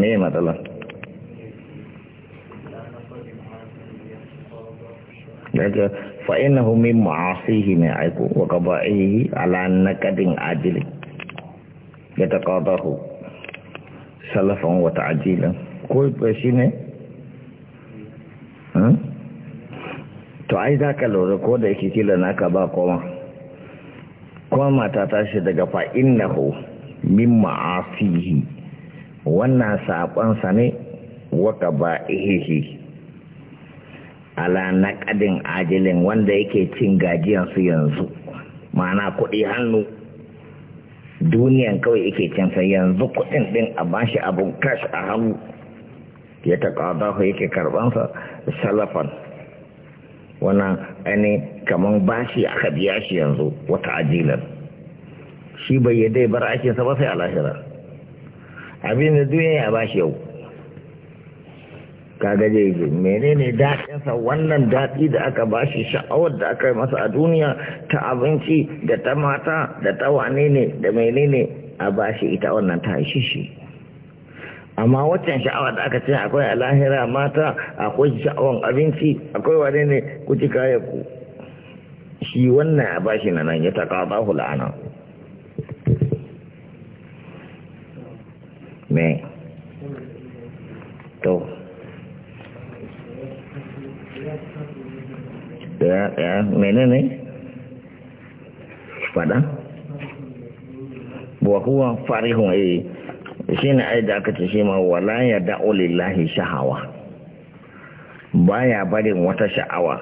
me matsala daga fa'inahu min ma'asihi ne aiko wa qaba'ihi ala nakadin ajili yataqadahu salafan wa ta'jilan ko shi ne hmm? to ai za ka lura ko da yake kila naka ba koma koma ta tashi daga fa'inahu min ma'asihi wannan saƙonsa ne waka ba ihihi ala na kadin ajilin wanda yake cin su yanzu ma'ana kuɗi hannu duniyan kawai yake cinsa yanzu kuɗin ɗin a bashi abun kash a hannu ya taƙadahu yake karɓansa salafan wannan ani kamar bashi aka biya shi yanzu wata ajilar shi bai yadda ya bar aikinsa ba sai a lahira abin da duk ya ba shi yau kaga dai menene daɗinsa wannan daɗi da aka ba shi sha'awar da aka masa a duniya ta abinci da ta mata da ta wane ne da menene a ba ita wannan ta shi shi amma waccan sha'awar da aka ce akwai a lahira mata akwai sha'awar abinci akwai wane ne kuci kayaku shi wannan a ba shi na nan ya taƙa ba hula'ana me to ya ya menene fada farihun eh shine da aka ce shi ma wala ya da'o lillahi shahawa baya barin wata sha'awa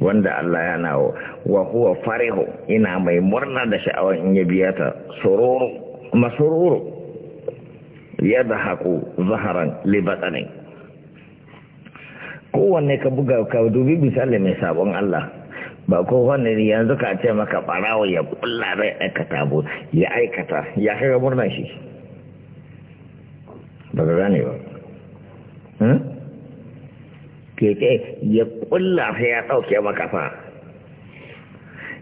wanda Allah ya nawo wa huwa farihu ina mai murna da sha'awa in ya biya ta sururu masururu haƙo ظهرا لبطنه kowanne ka buga ka dubi misali mai sabon Allah ba ko kowanne yanzu ka ce maka barawa ya kulla da aikata bu ya aikata ya kaga murna shi ba ga gane ba hmm? keke ya kulla sai ya dauke maka fa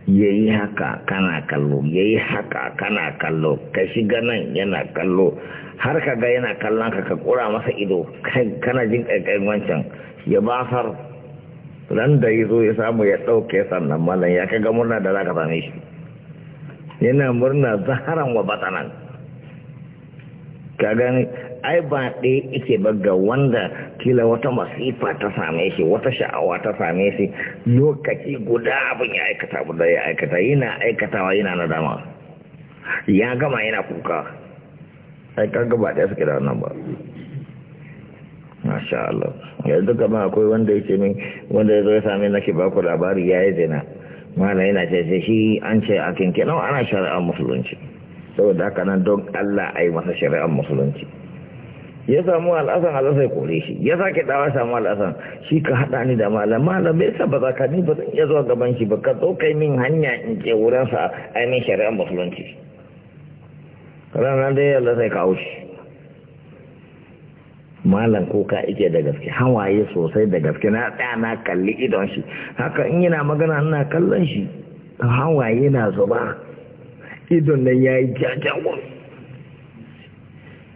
ya haka kana kallo yayi haka kana kallo ka shiga nan yana kallo har ka ga yana kallon ka ka kura masa ido kana jin ƙaiƙayin wancan ya basar ran da ya zo ya samu ya ɗauke sannan malam ya kaga murna da za ka same shi yana murna zaharan wa batanan ka gani ai ba ɗaya ike ba ga wanda kila wata masifa ta same shi wata sha'awa ta same shi lokaci guda abin ya aikata abu ya aikata yana aikatawa yana nadama ya gama yana kuka ai kan gaba ɗaya suke da wannan ba masha Allah yanzu kama akwai wanda yake min wanda ya zo ya same nake baku labari ya yi zina mana yana ce sai shi an ce a kinke nawa ana shari'ar musulunci saboda haka nan don Allah a yi masa shari'ar musulunci ya samu al'asan sai kore shi ya sake dawa samu al'asan shi ka hada ni da malam malam bai sa ba za ka ni ba zan iya zuwa gaban shi ba ka zo kai min hanya in ce wurinsa a yi min shari'ar musulunci ranar dai Allah sai kawo shi malam kuka ike da gaske hawaye sosai da gaske na tsaya na kalli idon shi haka in yana magana ina kallon shi hawaye na zuba idon nan ya yi jajawar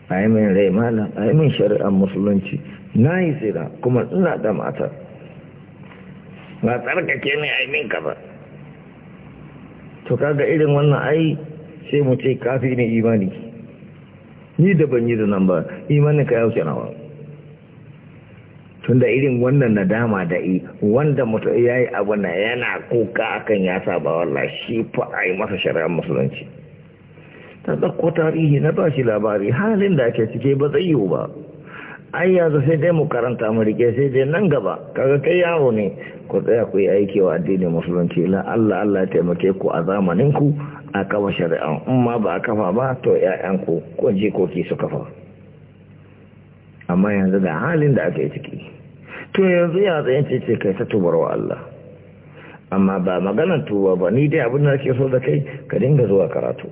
a rai malam a min shari'ar musulunci na yi tsira kuma ina da matar ba tsarkake ne a yi min to kaga irin wannan ai sai mu ce kafi ne imani ni da ban yi da nan ba imanin ka yau kenawa tun da irin wannan nadama da yi wanda mutu ya yi abu na yana kuka akan ya saba walla shi fa a yi masa shari'ar musulunci ta ɗauko tarihi na bashi labari halin da ake cike ba zai yiwu ba ai yanzu sai dai mu karanta mu rike sai dai nan gaba kaga kai yaro ne ku tsaya ku yi aiki wa addinin musulunci la Allah Allah taimake ku a zamanin a kafa shari'a in ma ba a kafa ba to ‘ya'yanku ko jikoki su kafa amma yanzu ga halin da aka yi ciki to yanzu ya tsayin cece kai ta tubarwa Allah amma ba maganar tuba ba ni dai abin da ke so da kai ka dinga zuwa karatu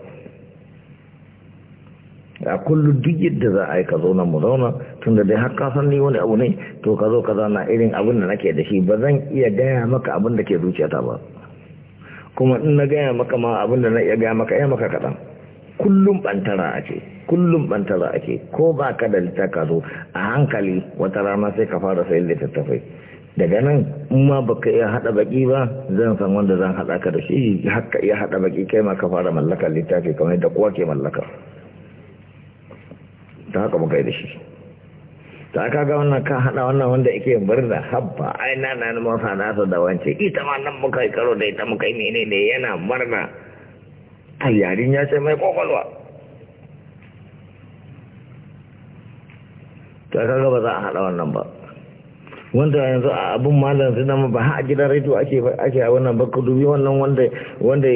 a kullum duk yadda za a yi ka zauna mu zauna tun da dai har ka san ni wani abu ne to ka zo ka zauna irin abin da nake da shi ba zan iya gaya maka abin da ke zuciyata ba kuma in na gaya maka ma abinda na iya gaya maka ya maka kaɗan kullum ɓantara ake kullum ɓantara ake ko ba ka da littaka zo a hankali wata rana sai ka fara sayan littattafai daga nan in ma baka iya haɗa baki ba zan san wanda zan haɗa ka da shi haka iya haɗa baki kai ma ka fara mallaka littafi kamar da kowa ke mallaka ta haka muka yi da shi ta kaga wannan ka hada wannan wanda yake murna habba ai na na mun hada ta da wance ita ma nan muka yi karo da ita muka yi menene yana murna ai yarin ya ce mai kokolwa ta kaga ba za a hada wannan ba wanda yanzu a abin malam zina ba ha a gidan rediyo ake ake a wannan ba dubi wannan wanda wanda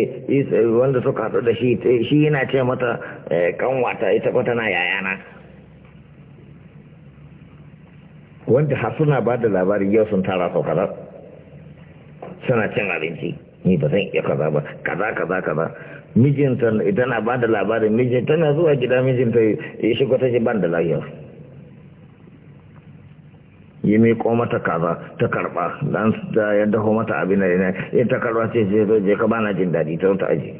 wanda suka hadu da shi shi yana ce mata kanwata eh, ita ko tana yayana wanda har suna ba da labari yau sun tara sau kaza suna cin abinci ni ba zan iya kaza ba kaza kaza kaza mijinta a ba da labarin mijin tana zuwa gida mijinta ya shigo ta shi ban da layi. yi mai komata kaza ta karba dan da ya daho mata abin da ne ya ta karba ce ce zo je ka bana jin daɗi ta wata aji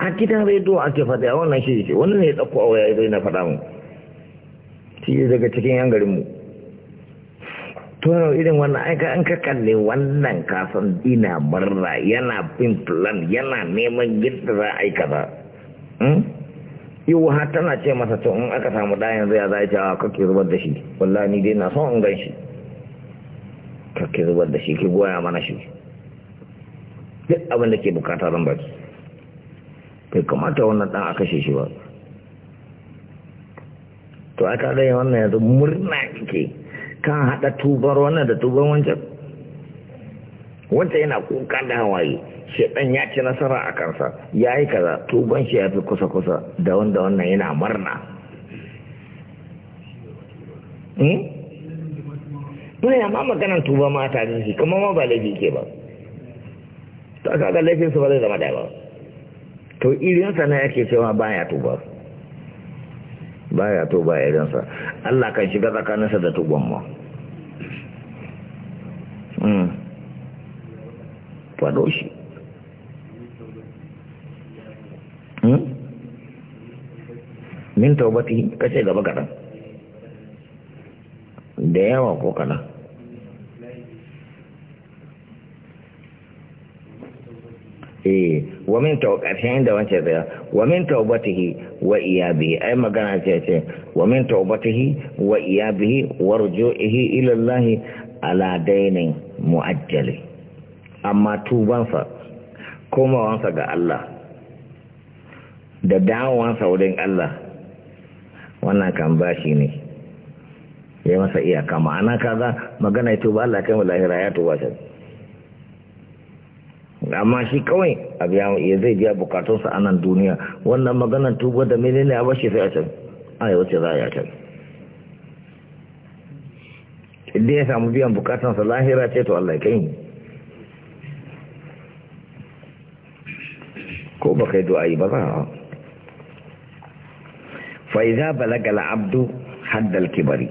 a gidan rediyo ake faɗi a wannan shi wannan ne ya ɗauko a waya ya zai na faɗa mu shi daga cikin yan garinmu tunan irin wannan aika an ka kalle wannan kasan dina marra yana bin plan yana neman yadda za a yi kaza hmm? yiwu har tana ce masa to in aka samu dayan zai za a ce a kake zubar da shi ni dai na son in gan shi kake zubar da shi ke goya mana shi duk abin da ke bukata zan baki bai kamata wannan dan a kashe shi ba to a ka dai wannan yanzu murna yake kan haɗa tubar wannan da tubar wancan wancan yana kuka da hawaye shaɗan ya ci nasara a kansa ya yi kaza tuban shi ya fi kusa-kusa da wanda wannan yana murna ya hmm? ma maganan tuba ma ta shi kuma ma ba laifin ke ba. Ta kaga laifin su ba zai zama da ba. To irinsa na yake cewa baya tuba. baya tuba irinsa Allah kan shiga tsakaninsa da tuban mu hmm. faɗo shi hmm? min taubati kace gaba kaɗan da yawa ko kaɗan eh wa min tawqatihi inda wance tsaya wa min tawbatihi wa iyabihi ai magana ce ce wa min tawbatihi wa iyabihi wa ruju'ihi ila Allah ala dainin muajjali amma tubansa komawansa ga Allah da dawowansa wurin Allah wannan kan bashi ne ya masa iyaka ma'ana kaza magana ya tuba Allah kai mu lahira ya tuba shi amma shi kawai abu ya zai biya bukatunsa a nan duniya wannan maganar tuba da menene a bashi sai a can a yi wace za a yi a can idan ya samu biyan bukatunsa lahira ce to Allah ya kai ko ba kai du'a yi ba za a fa iza balaga al-abdu haddal kibari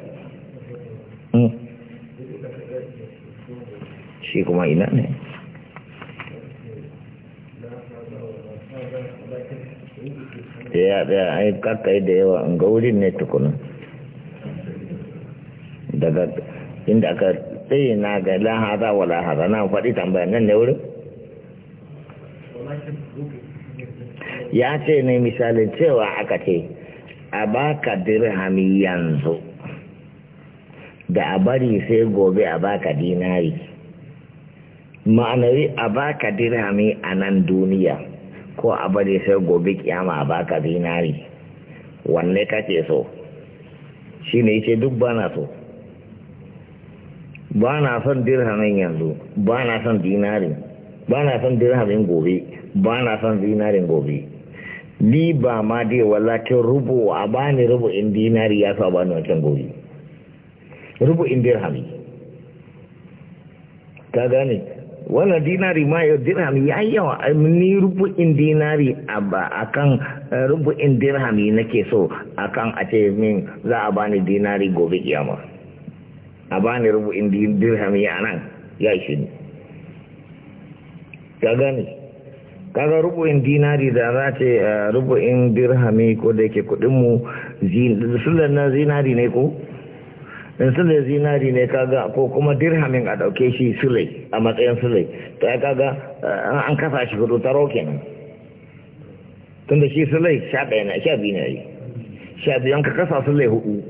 hmm? shi kuma ina ne ya ɗaya yi kakkai da yawa an ga wurin ne tukunan daga inda aka tsaye na ga lahaza wa lahaza na faɗi tambaya nan ne wurin ya ce ne misali cewa aka ce a ba ka dirhami yanzu da a bari sai gobe a ba ka dinari ma'anari a ba ka dirhami a nan duniya ko a bari sai gobe kiyama a baka zinari wanne kake so shi ne ce duk ba na so ba na son dirhamin yanzu ba na son zinari, ba na son dirhamin gobe ba na son dinarin gobe ni ba ma dai wallakin rubu a bani rubu in dinari ya sa bani wancan gobe rubu in dirhami ka gane wannan dinari ma yau dirham ya yawa ni rubu'in dinari a kan eh, rubu'in dirhami ke so kan a ce min za a bani dinari gobe kiyama a bani rubu'in dirhami a nan ya shi ne ka gani kaga rubu'in dinari da za ce eh, rubu'in dirhami ko da yake kudinmu zinari ne ko in sule zinari ne kaga ko kuma dirhamin a dauke shi sule a matsayin sule to ya kaga eh, an kasa shi hudu taro kenan tun da shi sule sha daya na sha biyu ne yi sha biyu an ka kasa sule hudu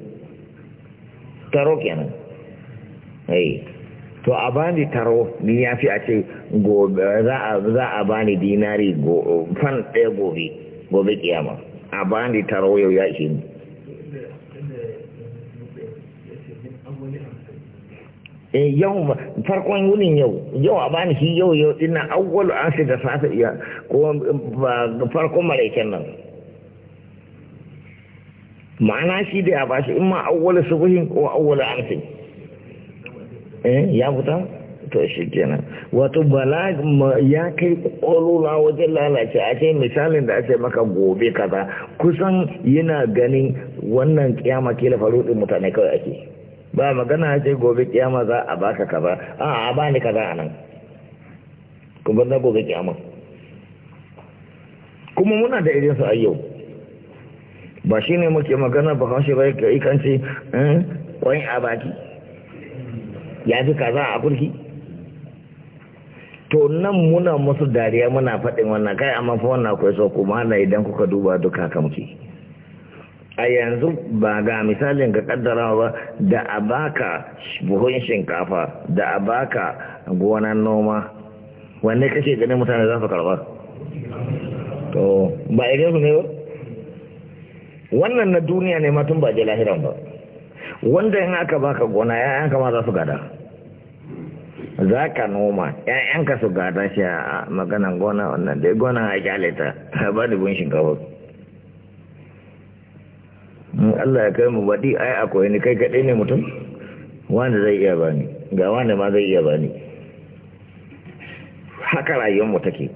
taro kenan hey to a bani taro ni ya fi a ce gobe za a bani dinari fan ɗaya gobe gobe kiyama a bani taro yau ya shi ne Eh, yau farkon wurin yau yau a bani shi yau yau ina awwalu an shiga safa iya ko farkon maraiken nan ma'ana shi da a bashi in ma awwalu subuhin ko awwalu shi eh ya fita to shi kenan wato bala ya kai kolula wajen lalace a ce misalin da ake maka gobe kaza kusan yana ganin wannan kiyama kila faru mutane kawai ake ba magana ce gobe kiyama za a baka kaza a a bani kaza a nan kuma na gobe kiyama kuma muna da irin su a yau ba shi ne muke magana ba haushe ba ka yi kanci kwai eh, a baki ya fi kaza a kurki to nan muna musu dariya muna faɗin wannan kai amma fa wannan akwai so kuma na idan kuka duba duka kamki a yanzu ba ga misalin ga ba da a baka buhun shinkafa da a baka gonan noma wanne kake ganin mutane za su karba to ba irin su ne ba wannan na duniya ne matun ba je lahiran ba wanda yin aka baka gona ya'yanka ma za su gada za ka noma ya'yanka su gada shi a maganan gona wannan dai gona a kyalita ba da bun shinkafa in Allah ya kai mu baɗi ai akwai ni kai kaɗai ne mutum wanda zai iya bani ga wanda ma zai iya bani haka rayuwar mu take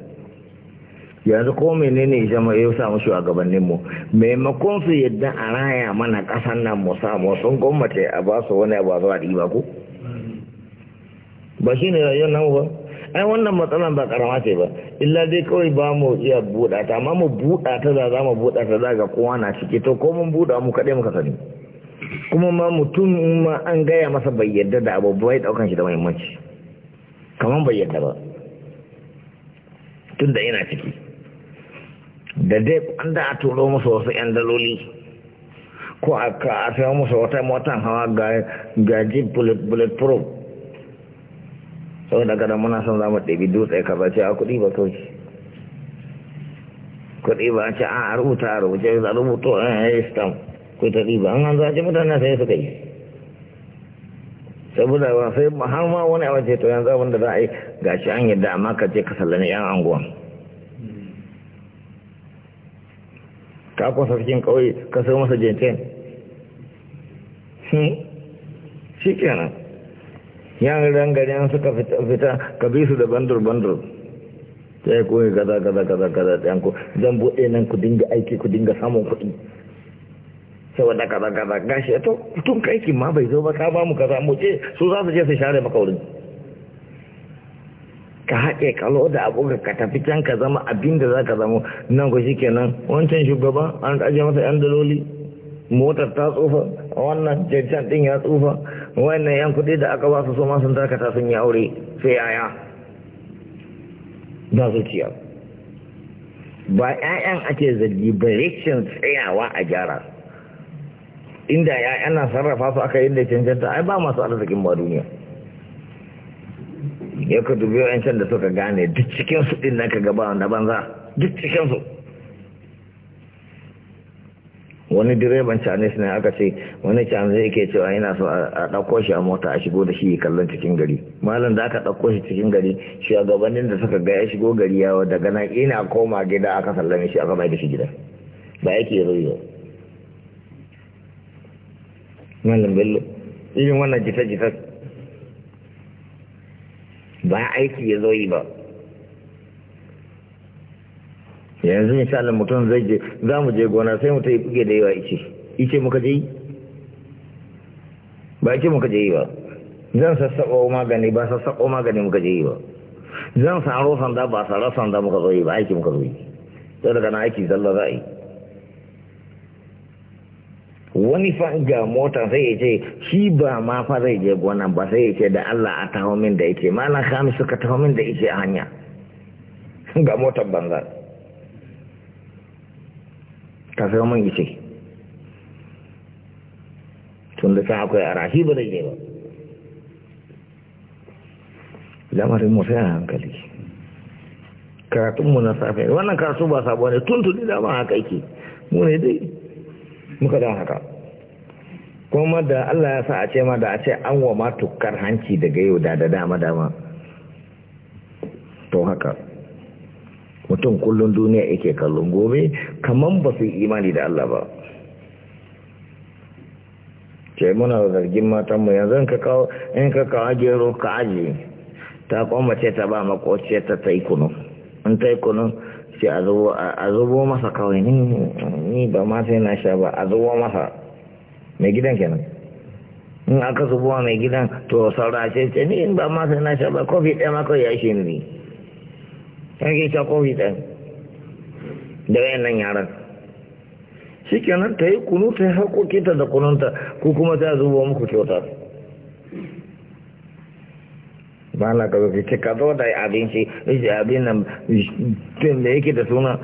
yanzu ko menene jama'a ya samu shugabannin mu maimakon su yadda a raya mana kasan nan mu samu sun gwamnati a ba su wani a zuwa ba ba shi ne rayuwar namu ba ai wannan matsalan ba karama ce ba illa dai kawai ba mu iya buɗa ta amma mu buɗa ta da za mu buɗa ta kowa na ciki to ko mun buɗa mu kaɗai muka sani kuma ma mutum ma an gaya masa bai yadda da abubuwa ya ɗaukan shi da muhimmanci kamar bai yadda ba tun da yana ciki da dai an da a turo musu wasu 'yan daloli ko a sayo musu wata motan hawa ga jeep bulletproof sau da gada muna son zamu ɗabi dutse ka ba ce a kuɗi ba kawai kuɗi ba ce a rubuta a rubuce a rubuto a yi stamp ku ta ba an an zace mutane sai suka yi saboda ba sai har ma wani a wace to yanzu abin da za a yi gashi an yadda amma ka ce ka sallani yan anguwa ka kwasa cikin ƙauye ka sai masa jinten hmm. shi kenan yaran an suka fita ka bi su da bandur-bandur ta yi kuwa gaza gaza gaza gaza ta yanku zan buɗe nan ku dinga aiki ku dinga samun kuɗi saboda kaza kaza gashi to tun ka aiki ma bai zo ba ka ba mu kaza mu ce su za su je su share maka wurin ka haƙe kalo da abokan ka tafi can ka zama abin da za ka zama nan ku shi kenan wancan shugaba an ɗaje masa yan daloli motar ta tsufa wannan jajjan ɗin ya tsufa wannan yan kuɗi da aka ba su so sun tarkata sun yi aure sai yaya da zuciya ba 'ya'yan ake zargi ba tsayawa a gyara inda 'ya'yan na sarrafa su aka yi da cancanta ai ba masu arzikin ba duniya ya ka dubi 'yancan da suka gane duk cikin su ɗin na ka gaba wanda banza duk cikin wani direban canis ne aka ce wani canis yake cewa yana so a ɗauko shi a mota a shigo da shi kallon cikin gari malam da aka ɗauko shi cikin gari shugabannin da suka ga ya shigo gari yawa daga nan ina koma gida aka sallame shi aka mai da shi gida ba yake royo malam bello irin wannan jita-jita ba aiki ya zo yi ba yanzu misalin mutum zai je za mu je gona sai mutu ya buge da yawa ice ice muka je yi ba ice muka je yi ba zan sassaɓo magani ba sassaɓo magani muka je yi ba zan saro sanda ba saro sanda muka zo yi ba aiki muka zo yi sai daga na aiki zalla za a yi wani fanga mota sai ya ce shi ba ma fa zai je gona ba sai ya ce da Allah a tahomin min da ce malam Hamisu ka taho min da ce a hanya ga motar banza tafi mun ishe tun da ta akwai a rashi ba zai ba lamarin mu sai a hankali karatunmu na safe wannan karatun ba sabuwa ne tuni da ma haka yake muna dai muka da haka kuma da Allah ya sa a ce ma da a ce an wa ma hanci daga yau da da dama dama to haka mutum kullum duniya yake kallon gobe kaman ba su imani da Allah ba ce muna zargin matanmu yanzu ka kawo in ka kawo gero ka aji ta ce ta ba makwace ta ta yi kunu in ta yi kunu ce a zubo masa kawai ni ba ma sai na sha ba a zubo masa mai gidan kenan in aka zubo mai gidan to saurace ce ni ba ma sai na sha ba kofi ɗaya mako ya shi ni yake sha kofi ta da wayannan yaran shi kenan ta yi kunu ta yi ta da kununta ko kuma ta zubo muku kyauta ba na ka zoke ce ka zo da abinci shi abin nan tun da yake da suna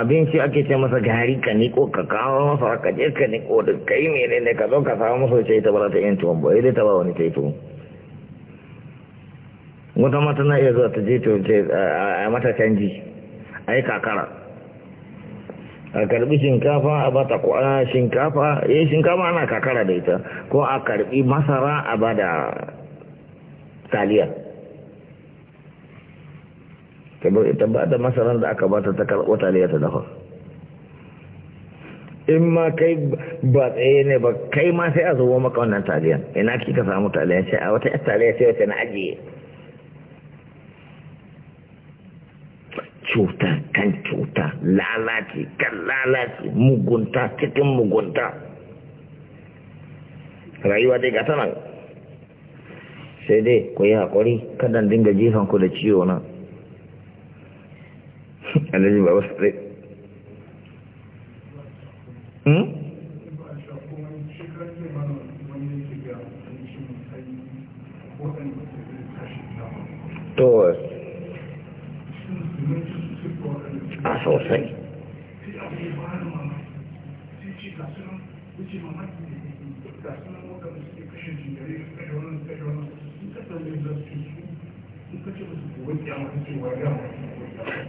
abinci ake ce masa gari ka niko ka kawo masa ka je ka niko da kai mene ne ka zo ka samu musu ce ta ba ta yin tuwon ba ya ta ba wani ta yi tuwon wata mata na iya zuwa ta je ta wuce a mata canji a yi kakara a karbi shinkafa a bata shinkafa eh shinkafa ana kakara da ita ko a karbi masara a bada taliya ta ba da masaran da aka bata ta karɓo taliya ta dafa in ma kai ba tsaye ne ba kai ma sai a zuwa maka wannan taliyan ina ki ka samu taliyan sai a wata taliya sai wata na ajiye cuta kan cuta lalace kan lalace mugunta cikin mugunta rayuwa dai gata nan sai dai ku yi haƙuri kada dinga jifanku da ciwo na alhaji ba wasu ɗai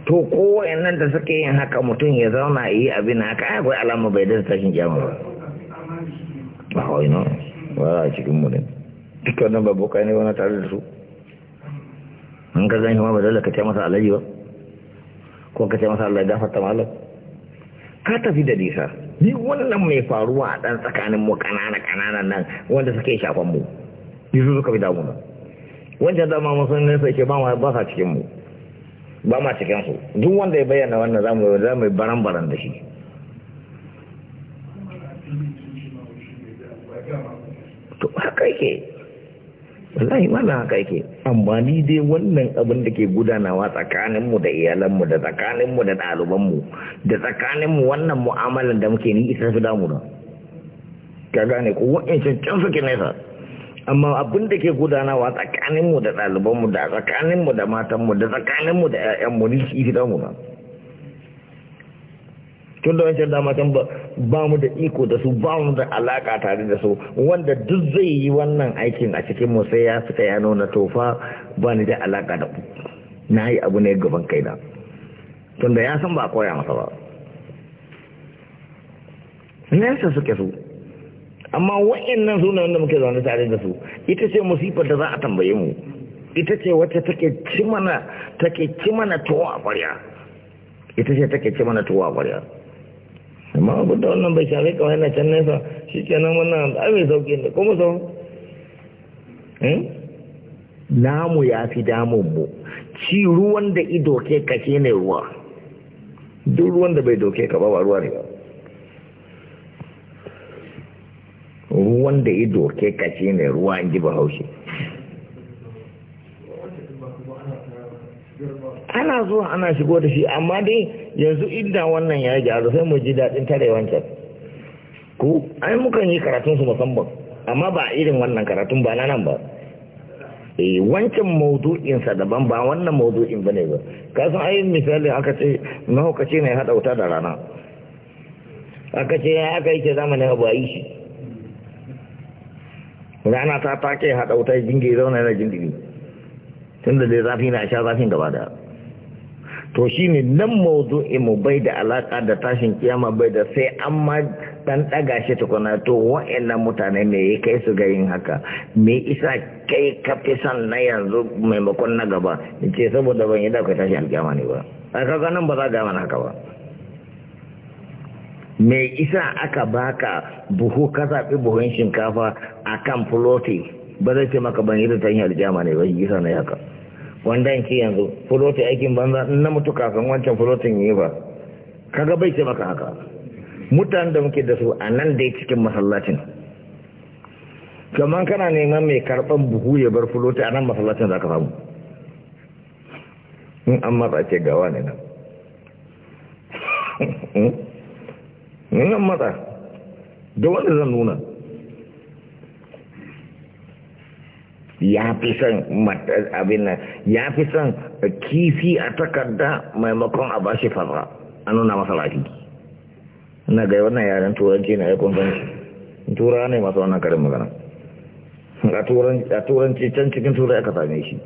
to ko nan da suke yin haka mutum ya zauna yi abin haka akwai alama bai da tashin jama'a ba ba hau no ba a cikin mulin. Duk wannan babu ba boka ne wani tare da su An ka zan ma ba dole ka ce masa alaji ba ko ka ce masa Allah ya gafarta malam ka tafi da nisa ni wannan mai faruwa a dan tsakanin mu kanana ƙanana nan wanda suke shafan mu yanzu suka bi damu ba wancan dama musulmi sai ke ba ma ba sa cikin mu ba ma cikin su duk wanda ya bayyana wannan zamu za mu baran baran da shi to haka yake wallahi mana haka yake amma ni dai wannan abin da ke gudanawa tsakanin mu da iyalan mu da tsakanin mu da daluban mu da tsakanin mu wannan mu'amalan da muke ni isa su damu na ka gane ko wa'ancan can suke nesa amma abin da ke gudanawa tsakaninmu da ɗalibanmu da tsakaninmu da matanmu da tsakaninmu da ‘ya'yanmu ni shi fi damu na tun da wancan dama can ba mu da iko da su ba mu da alaka tare da su wanda duk zai yi wannan aikin a cikin mu sai ya fita ya nuna tofa ba ni da alaka da ku na yi abu ne gaban kai na tun da ya san ba a koya masa ba nesa suke su amma wa'annan su ne wanda muke zaune tare da su ita ce musifar da za a tambaye mu ita ce wacce take ci mana take ci mana tuwo a ƙwarya ita ce take ci mana tuwo a ƙwarya amma abin da wannan bai shafi kawai na can nesa shi nan wannan ai mai sauƙi da kuma sau namu ya fi damun mu ci ruwan da ido ke kashe ne ruwa duk ruwan da bai doke ka ba ruwa ne ba ruwan da ido ke ka ne ruwa in ji bahaushe ana zuwa ana shigo da shi amma dai yanzu inda wannan ya gyaru sai mu ji daɗin tare wancan ku ai mukan yi karatun su musamman amma ba irin wannan karatun ba na nan ba eh wancan sa daban ba wannan mawdu'in bane ba ka san ai misali aka ce mahaukaci ne hada wuta da rana aka ce ya aka yi ke zamanin abu a yi shi rana ta take haɗa wuta jingiri zauna yana jingiri tunda dai zafi na sha zafin gaba da to shine ne nan mawuzu'in mu bai da alaka da tashin kiyama bai da sai an ma ɗan ɗaga shi tukuna to wa'annan mutane ne ya kai su ga yin haka me isa kai ka fi san na yanzu maimakon na gaba in ce saboda ban yi da kai tashin kiyama ne ba a kaga nan ba za ga mana haka ba Mai isa aka baka buhu ka zaɓi buhun shinkafa a kan fuloti ba zai ce maka ban yi da ta yi aljama ne bai isa na yaka wanda yanki yanzu fuloti aikin banza na mutu kafin wancan fulotin yi ba kaga bai ce maka haka mutanen da muke da su a nan dai cikin masallacin kamar kana neman mai karɓar buhu ya bar fuloti a nan masallacin za ka samu in an matsa ce gawa ne nan hmm? nan matsa da wanda zan nuna ya fi son abin nan ya fi son kifi a takarda maimakon a bashi fara a nuna masa lafi na ga wannan yaren turanci na yakon zanci tura ne masu wannan karin magana a turanci can cikin turai aka same shi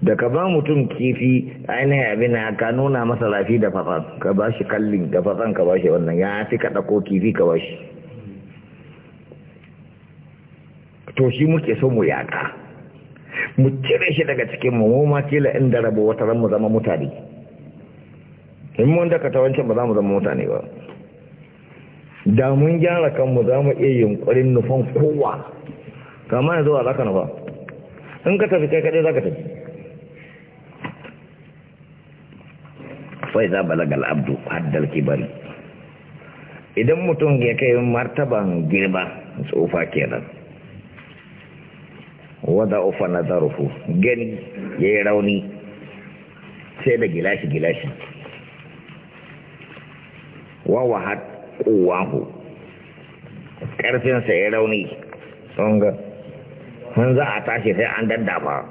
da ka ba mutum kifi ainihin abin na ka nuna masa lafi da fafan ka ba shi kallin da fafan ka ba shi wannan ya fi ka ɗako kifi ka ba shi to shi muke so mu yaƙa mu cire shi daga cikin mu mu ma kila inda rabu wata ran mu zama mutane in mun daga ta wancan ba za mu zama mutane ba da mun gyara kanmu za mu iya yunkurin nufan kowa kamar yanzu a za ka nufa in ka tafi kai kaɗai za ka tafi faiza balagal abdu haddal kibari idan mutum ya kai martaban girma tsofa kenan wada ufa nazaruhu gani ya yi rauni sai da gilashi gilashi wa wahad hu Ƙarfinsa ya yi rauni ga mun za a tashi sai an daddafa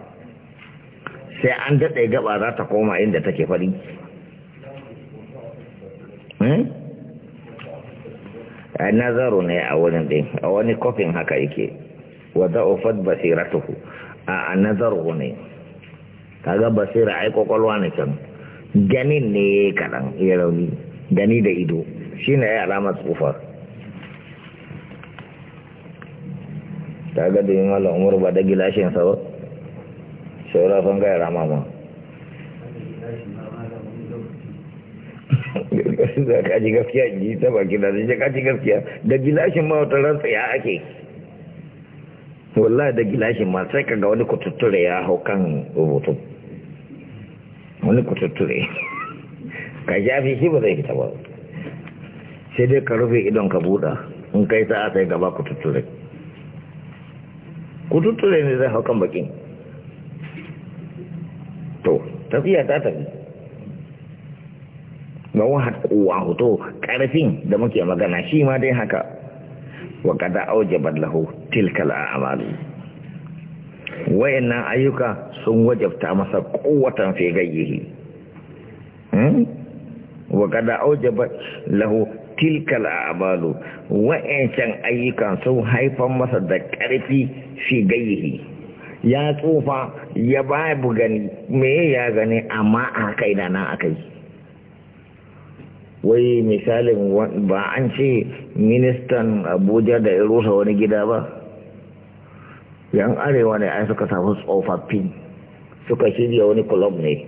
sai an daɗe gaba za ta koma inda take faɗi Hmm? nazaru ne a wurin din a wani kofin haka yake wadda ofad basiratuhu a nazaru ne kaga basira ai kwakwalwa ne can ganin ne kaɗan ya rauni gani da ido shi ne ya alamar tsufar kaga da yin wala umar ba da gilashin sa ba shaura ga gaya rama ma za ka ji gaskiya ji ta baki da zai ka ji gaskiya da gilashin ma wata rantsa ya ake wallahi da gilashin ma sai kaga wani kututture ya hau kan rubutu wani kututture ka shafi shi ba zai fita ba sai dai ka rufe idon ka buɗa in kai sa'a sai gaba kututture kututture ne zai hau kan bakin to tafiya ta tafi mawahar kowa hoto ƙarfin da muke magana shi ma dai haka wa kada aujabar lahu tilkal a'malu wayannan ayyuka sun wajabta masa kowatan fi gayyihi hmm? wa kada aujabar lahu tilkal a'malu wayancan ayyukan sun haifan masa da ƙarfi fi gayyihi ya tsufa ya bai bugani, gani me ya gani amma a kai da nan akai wai misalin ba an ce ministan abuja da ya rusa wani gida ba yan arewa ne ai suka samu tsofaffin suka shirya wani kulob ne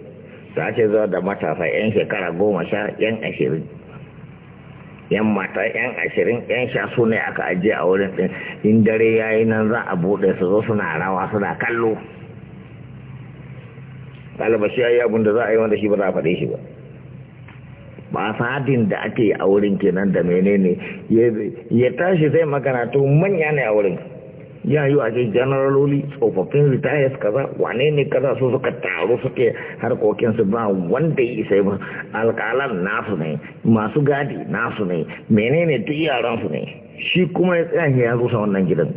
da ce zuwa da matasa yan shekara goma sha yan ashirin yan mata yan ashirin yan sha su ne aka ajiye a wurin ɗin in dare ya yi nan za a buɗe su zo suna rawa suna kallo ɗalibashi ya yi abin za a yi wanda shi ba za a faɗe shi ba fadin da ake a wurin kenan da menene ya tashi zai magana to manya ne a wurin ya yi ake generaloli tsofaffin retires kaza wane ne kaza su suka taru suke harkokinsu ba wanda ya isa ba alkalan nasu ne masu gadi nasu ne menene duk yaransu ne shi kuma ya tsaya ya rusa wannan gidan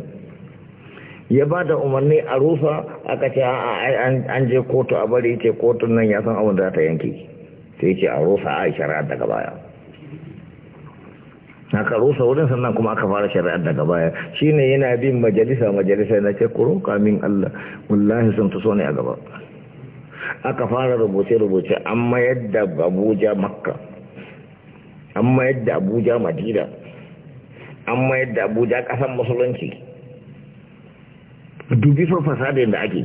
ya ba da umarni a rusa aka ce an je kotu a bari ce kotun nan ya san abin da ta yanke sai ce a rusa a shari'ar daga baya ka rusa wurin sannan kuma aka fara shari'ar daga baya shine yana bin majalisa majalisa na ce kuro kamin Allah wallahi sun tuso ne a gaba aka fara rubuce-rubuce amma mayar da abuja makka amma mayar da abuja madina amma mayar da abuja kasan musulunci dubi fa fasadin da ake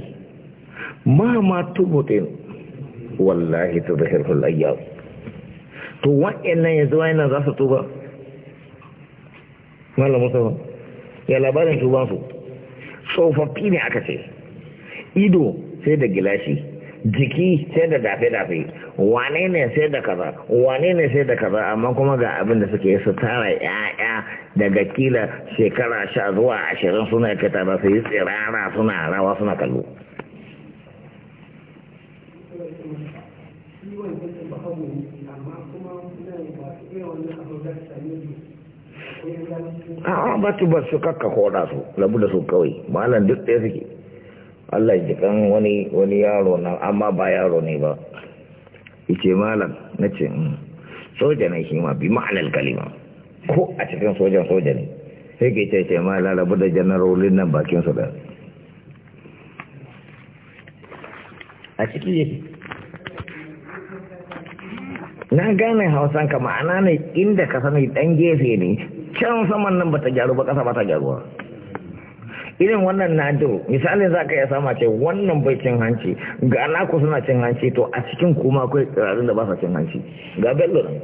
ma ma tubutin wallahi ta al-ayyam to wa'annan yanzu wa'annan za su tuba Mallam musa ya labarin tuban su tsofaffi ne aka ce ido sai da gilashi jiki sai da dafe-dafe wane ne sai da kaza wane ne sai da kaza amma kuma ga abin da suke su tara ya'ya daga kila shekara sha zuwa ashirin suna kita ba su yi tsirara suna rawa suna kallo a'a ba su ba su kakka koda su labu da su kawai malam duk ɗaya suke Allah ya jikan wani wani yaro na amma ba yaro ne ba yace malam nace mm, soja ne shi ma bi ma'anar kalima ko a cikin sojan soja ne sai ke ce ce malam labu da janarolin nan bakin su da a ciki yake na gane hausanka ma'ana ne inda ka sani dan gefe ne can saman nan bata gyaru ba ba bata gyaruwa irin wannan na do misalin za ka iya sama ce wannan bai cin hanci ga ku suna cin hanci to a cikin kuma akwai tsirarin da ba sa cin hanci ga bello nan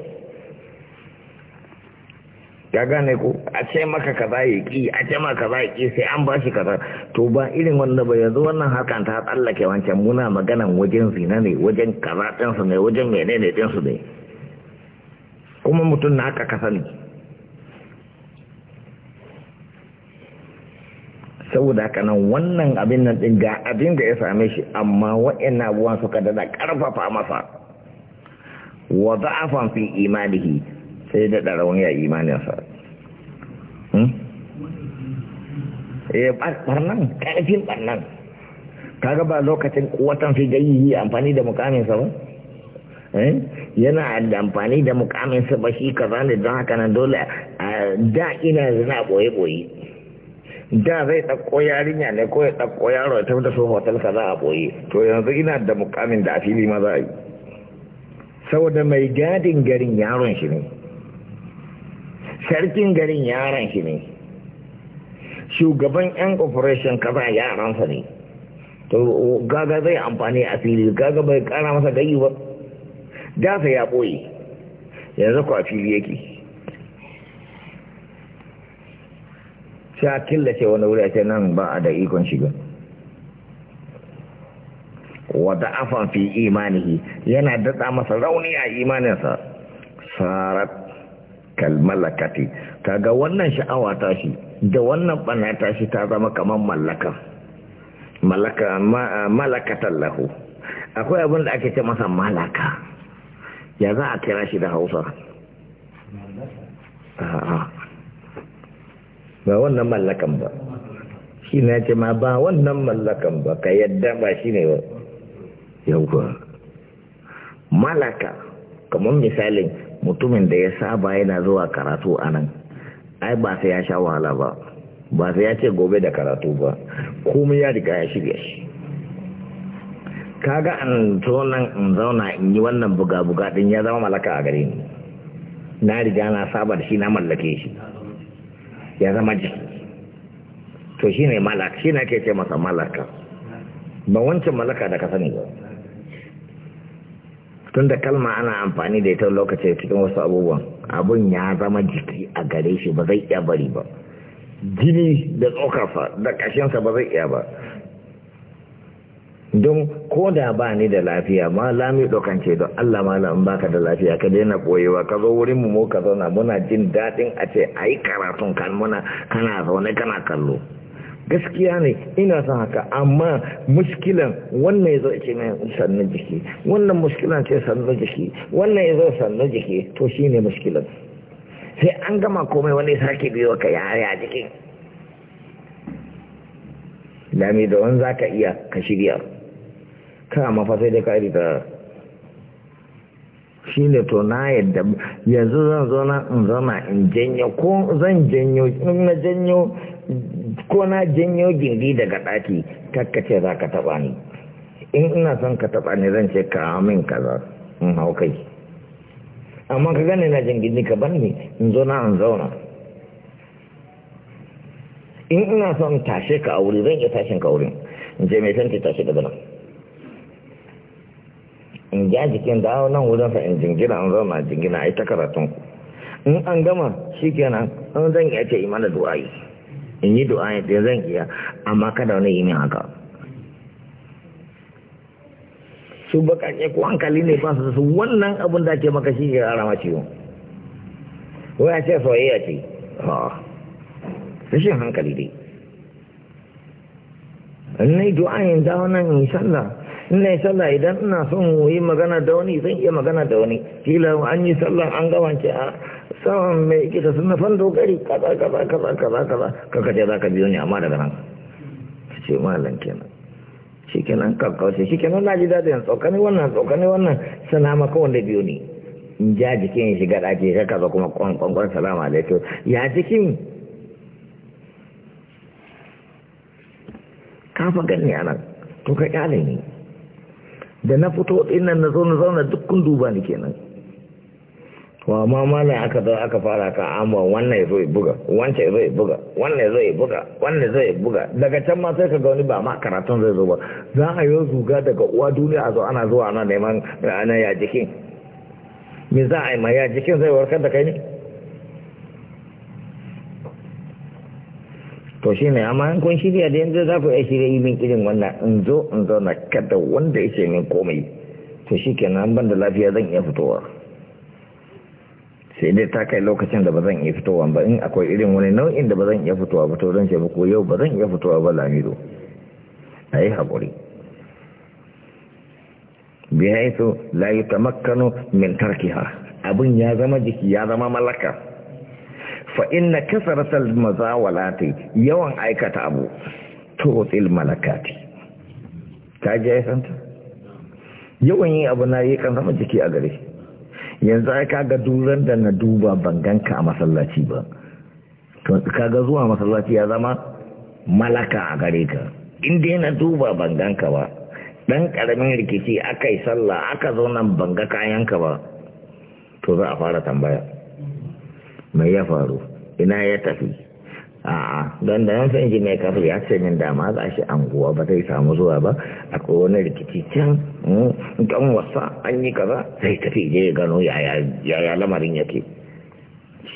ya gane ku a ce maka kaza yi ki a ce maka kaza yi ki sai an ba shi kaza to ba irin wannan ba yanzu wannan hakan ta tsallake wancan muna maganan wajen zina ne wajen kaza ɗinsu ne wajen menene ɗinsu ne kuma mutum na haka ka sani saboda haka nan wannan abin nan din ga abin da ya same shi amma wa'annan abubuwan suka dada karfafa masa wa da'afan fi imanihi sai da rauni a imaninsa hmm? eh barnan karfin barnan kaga ba lokacin kuwatan fi gayyi amfani da mukaminsa ba eh? yana da amfani da mukaminsa ba shi kaza ne don haka nan dole da ina zina boye-boye da zai ɗauko yarinya ne ko ya tsakko yaro ya tafi so ka za a ɓoye to yanzu ina da mukamin da a fili ma za a yi saboda mai gadin garin yaron shi ne sarkin garin yaron shi ne shugaban yan operation kaza yaransa ne to gaga zai amfani a fili gaga bai kara masa gayi ba da ya ɓoye yanzu ko a fili yake sha killace wani wuri a ce nan ba a da ikon shiga wata afan fi imanihi yana daɗa masa rauni a imaninsa sarat kalmalakati ga wannan sha'awa ta shi da wannan ɓana ta shi ta zama kamar mallaka malakatan lahu akwai abin da ake ce masa malaka ya za a kira shi da hausa ba wannan mallakan ba shi na ce ma ba wannan mallakan ba ka yadda ba shi ne ba yauwa malaka kamar misalin mutumin da ya saba yana zuwa karatu a nan ai ba sai ya sha wahala ba ba sai ya ce gobe da karatu ba komai ya riga ya shirya shi kaga an zonan in zauna in yi wannan buga-buga din ya zama malaka a gare ni na riga na saba da shi na mallake shi ya zama jiki to shi ne malaka shi ne ake ce masa malaka ba wancan malaka da ka sani ba tun da kalma ana amfani da ita lokaci cikin wasu abubuwan abun ya zama jiki a gare shi ba zai iya bari ba jini da tsokarsa da ƙashinsa ba zai iya ba don ko da ba ni da lafiya ma lami dokance don Allah malamin baka da lafiya ka daina koyewa ka zo wurin mu ka zauna muna jin daɗin a ce a yi karatun kan muna kana zaune kana kallo gaskiya ne ina son haka amma muskilan wannan ya zo ce mai sannan jiki wannan muskilan ce sannan jiki wannan ya zo sannan jiki to shine muskilan sai an gama komai wani sake biyo ka a jikin lami da wani za ka iya ka shirya ka mafa sai dai ka iri ta shi ne to na yadda yanzu zan zona in zona in janyo ko zan janyo in na janyo ko na janyo gindi daga ɗaki kakkace za ka taɓa ni in ina son ka taɓa ni zan ce ka min kaza in hau kai amma ka gane na jin gindi ka ban ni in zo na in zauna in ina son tashe ka a wuri zan iya tashin ka wurin in je mai son tashe daga nan ja jikin da nan wurin fa’in jingina an zauna jingina a ta karatun ku in an gama shi kenan an zan iya ce imana du'ayi in yi du'ayi da zan iya amma kada wani imin haka su bakanye ko hankali ne ba su wannan abin da ke maka shi ke rara mace ciwo wai ya ce soyayya ce rashin hankali dai in na yi du'ayin da wannan in sallah ina sallah idan ina son yi magana da wani zan iya magana da wani kila an yi sallah an ga wance a saman mai kita sun na fan dogari kaza kaza kaza kaza kaza kaka ce za ka biyo ni amma daga nan ta ce malam kenan shi kenan ce shi kenan na ji daɗin tsokani wannan tsokani wannan sana maka wanda biyo ni in ja jikin ya shiga ɗaki ka kaza kuma kwankwan salama alaikum ya jikin kafa gani a nan to ka kyale ni da na fito dinnan na zo na zauna dukkan duba ni kenan wa ma malam aka zo aka fara ka amma wannan ya zo ya buga wancan ya zo ya buga wannan ya zo ya buga wannan ya zo ya buga daga can ma sai ka ga wani ba ma karatun zai zo ba za a yi zuga daga uwa duniya a zo ana zuwa ana neman ana ya jikin me za a yi ma ya jikin zai warkar da kai ne to shi ne amma in kun shirya da yanzu za ku iya shirya yi min irin wannan in zo in zo na kada wanda ya ce min komai to shi kenan ban da lafiya zan iya fitowa sai dai ta kai lokacin da ba zan iya fitowa ba in akwai irin wani nau'in da ba zan iya fitowa ba to zan ce muku yau ba zan iya fitowa ba lamido a yi haƙuri bihaitu la yutamakkanu min tarkiha abin ya zama jiki ya zama mallaka fa inna wa latin yawan aikata abu turutil malakati ta ji santa yawan yin abu na yi kan jiki a gare yanzu ai kaga duran da na duba a masallaci ba kaga zuwa masallaci ya zama malaka a gare ka inda yana duba bangan ka ba ɗan karamin rikici aka yi sallah aka zo nan ban ga kayanka ba to za a fara tambaya mai ya faru ina ya tafi a'a don da yan sanji mai kafa ya ce min dama za shi anguwa ba zai samu zuwa ba a kowane rikici can gan hmm, wasa an yi kaza zai tafi je ya gano yaya lamarin yake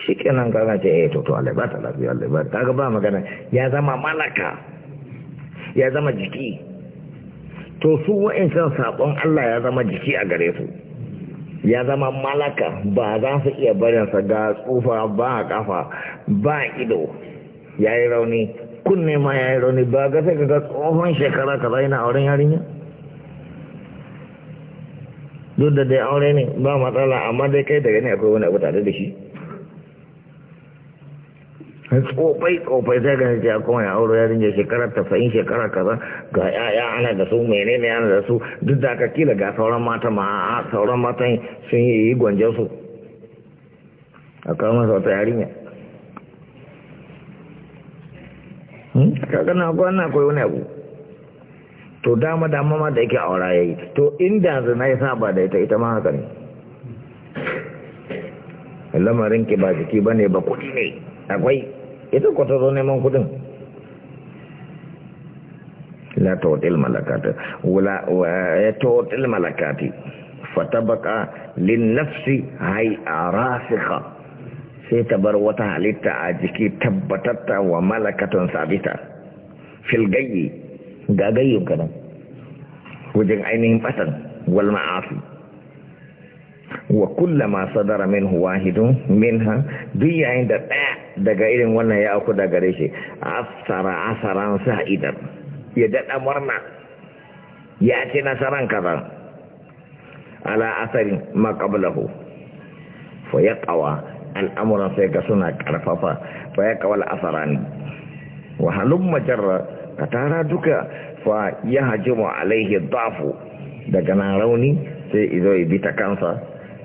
shi kenan gana ce ya eh, to to Allah lafiya Allah ta gaba magana ya zama malaka ya zama jiki to su wa'in san saƙon Allah ya zama jiki a gare su ya zama malaka ba za su iya barinsa ga tsufa ba kafa ba ido ya yi rauni kunne ma ya yi rauni ba ga sai ga tsohon shekara zai na auren yarinya duk da dai aure ne ba matsala amma dai kai daga ne akwai wani abu tare da shi tsofai tsofai sai ga ya kuma ya aure yarinya shekara tasa'in shekara kaza ga ya'ya ana da su menene ana da su duk da aka kila ga sauran mata ma a sauran mata sun yi gwanjen su a kawo masa wata yarinya hmm? kaga na ko ana koyi wani abu to dama dama ma da yake aura yi to inda zina ya saba da ita ita ma haka ne lamarin ki ba jiki ne ba kuɗi ne akwai ita kotoran emang zo la tawdil malakati wala wa eh, tawdil malakati fatabaka lin nafsi hai arasikha sai ta bar wata halitta a jiki ta wa malakatun sabita fil gayi. ga kanan wajen ainihin batan wal ma'afi. wa kullama sadara minhu wahidun minha duk yayin da ɗaya daga irin wannan ya auku daga gare shi asara asaran sa'idan ya daɗa murna ya ce nasaran kaza ala asarin qablahu fa yaqawa al'amuran sai ga suna karfafa fa yaqawa al'asarani wa halum majarra ka duka fa ya hajimu alaihi dafu daga nan rauni sai izo ibita kansa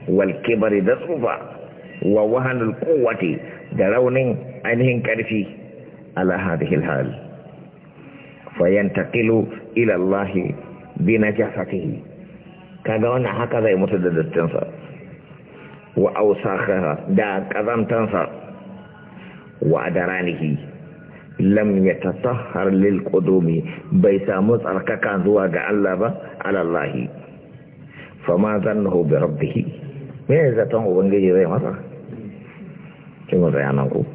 wal kibari da tsufa wa wahalar quwwati da raunin ainihin ƙarfi ala hadhihi alhal fayantaqilu ila Allah bi najasatihi kaga wani haka zai mutu da dattinsa wa awsakha da kazamtansa wa adaranihi lam ya tasahar lil bai samu tsarkaka zuwa ga Allah ba alallahi zan zannahu bi rabbih me ne zaton ubangiji zai masa ki mu tsaya nan ku